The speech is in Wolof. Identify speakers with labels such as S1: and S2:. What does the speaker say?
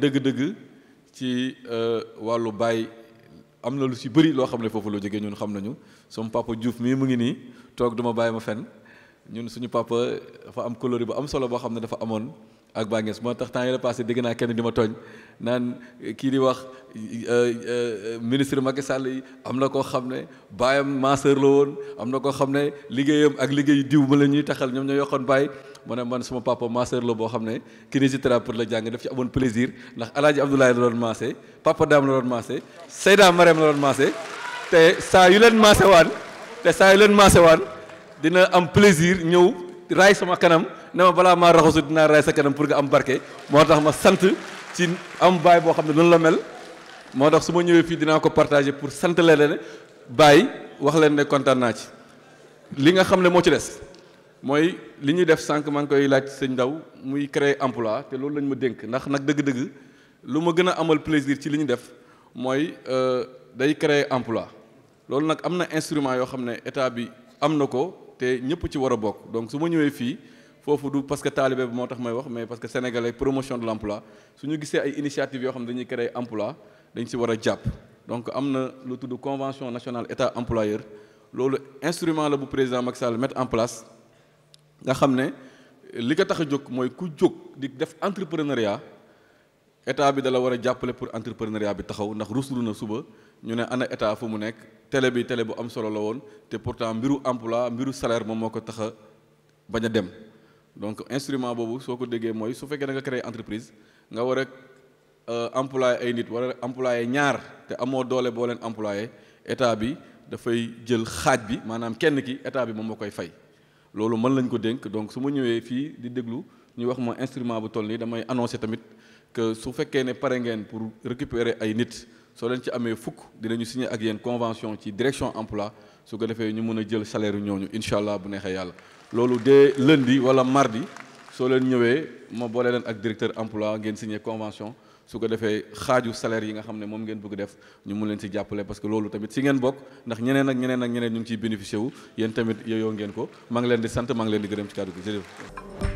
S1: dëgg-dëgg ci euh, wàllu baay am na lu si bari loo xam ne foofu la jógee ñun xam nañu sama papa Diouf mii mu ngi nii toog duma bàyyi ma fen ñun suñu papa dafa am coloris bu am solo boo xam ne dafa amoon ak Ba Nges moo tax temps yële passé dégg naa kenn di ma tooñ naan kii di wax euh, euh, ministre Macky Sall yi am na koo xam ne baayam masseur la woon am na koo xam ne liggéeyam ak liggéeyu diw ma la ñuy taxal ñoom ñoo yokkoon baay ma ne man suma papa masseur la boo xam ne kinésithérapeute la jàng daf ci amoon plaisir ndax El Hadj Abdoulaye la doon maase papa Dame la doon maase Seyda Marème la doon maase te saa yu leen maase waan te saa yu leen maase waan dina am plaisir ñëw raay sama kanam. ne ma balaa ma raxasu dinaa raay sa kanam pour nga am barke moo tax ma sant ci am baay boo xam ne noonu la mel moo tax su ma ñëwee fii dinaa ko partagé pour sant leen ne wax leen ne naa ci li nga xam ne moo ci des mooy li ñuy def sànq maa laaj sëñ ndaw muy créer emploi te loolu lañ ma dénk ndax nag dëgg-dëgg lu ma gën a amal plaisir ci li ñu def mooy euh, day créer emploi loolu nag am na instrument yoo xam ne état bi am na ko te ñëpp ci war a bokk su ma ñëwee fii foofu du parce que taalibe bi moo tax may wax mais parce que sénégalais promotion de l' su ñu gisee ay initiative yoo xam ne dañuy créer emploi dañ si war a jàpp donc am na lu tudd convention nationale état employeur loolu instrument la bu président Macky Sall mettre en place nga xam ne li ko tax a jóg mooy ku jóg di def entrepreneuriat état bi da la war a jàppale pour entrepreneuriat bi taxaw ndax ruslu na suba ñu ne ana état fu mu nekk télé bi télé bu am solo la woon te pourtant mbiru emploi mbiru salaire moom moo ko tax a bañ a dem donc instrument boobu soo ko déggee mooy su fekkee da nga créer entreprise nga war a euh, employé ay nit war a employé ñaar te amoo doole boo leen employé état bi dafay jël xaaj bi maanaam kenn ki état bi moom moo koy fay loolu mën lañ ko dénk donc su ma ñëwee fii di déglu ñu wax ma instrument bu toll nii damay annoncé tamit que su fekkee ne pare ngeen pour récupérer ay nit soo leen ci amee fukk dinañu signer ak yéen convention ci direction emploi su ko defee ñu mun a jël salaire ñooñu incha allah bu neexee yàlla loolu dès lundi wala mardi soo leen ñëwee ma boole leen ak directeur emploi ngeen signer convention su ko defee xaaju salaire yi nga xam ne moom ngeen bëgg def ñu mun leen ci jàppale parce que loolu tamit si ngeen bokk ndax ñeneen ak ñeneen ak ñeneen ñu ngi ciy bénéficié wu yéen tamit yooyu ngeen ko maa leen di sant maa ngi leen di gërëm ci kàddu gi jërëjëf